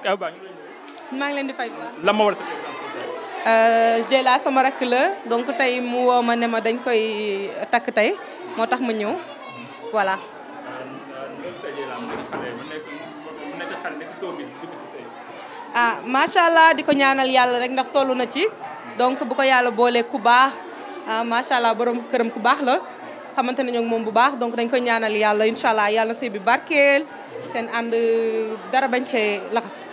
Kaaw Ba maa ngi leen di fay bu baax. lan war a euh, sama rakk la donc tey mu woo ma ne ma dañ koy takk tey moo tax ma ñëw voilà. ah macha allah di ko ñaanal yàlla rek ndax toll na ci. donc bu ko yàlla boolee ku baax ah, macha allah borom këram ku baax la xamante nañu ak moom bu baax donc dañ koy ñaanal yàlla incha allah yàlla na sëy bi barkeel seen ànd dara bañ cee laxasu.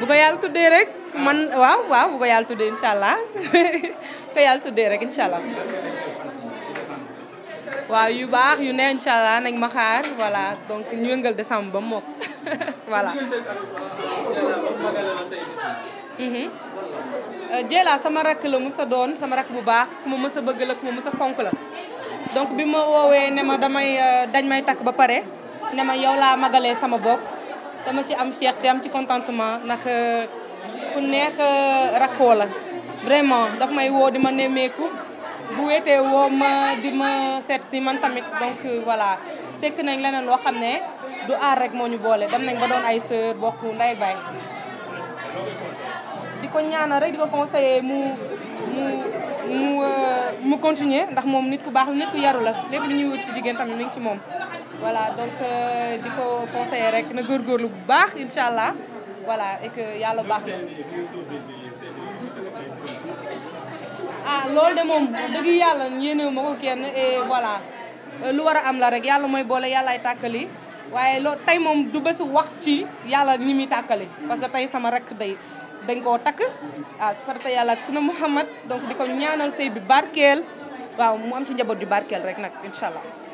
bu ko yàlla tuddee rek man waaw waaw bu ko yàlla tuddee incha allah bu ko yàlla tuddee rek incha allah waaw yu baax yu ne incha allah nañ ma xaar voilà donc ñu yëngal décembre ba mokk voilà Dieyla mhm. euh, sama rakk la mu sa doon sama rakk bu baax ku ma mësa a bëgg la ku ma mës a fonk la donc bi ma woowee ne ma damay euh, dañ may takk ba pare ne ma yow laa magalee sama bopp dama ci am fierté am ci contentement ndax euh, ku neex euh, rakkoo la vraiment daf may woo di ma nemmeeku bu wetee woo ma di ma seet si man tamit donc euh, voilà sekk nañ leneen loo xam ne du aar rek moo ñu boole dem nañ ba doon ay sœur bokk ndey ak baay di ko ñaanal rek di ko conseiller mu mu mu mu continuer ndax moom nit ku baax la nit ku yaru la lépp lu ñuy wër ci jigéen tamit mi ngi ci moom voilà donc euh, di ko conseiller rek na góorgóorlu bu baax incha allah voilà et yàlla baax na. ah loolu de moom dëgg yàlla yéenewu ma ko kenn voilà euh, lu war a am la rek yàlla mooy boole yàllaay tàkkali waaye lool tey moom du bésu wax ci yàlla ni muy tàkkali parce que tey sama rakk day dañ koo takk waaw ah, farata yàlla ak sunu Muhammad donc di ko ñaanal sëy bi barkeel waaw mu am ci njaboot yu barkeel rek nag incha allah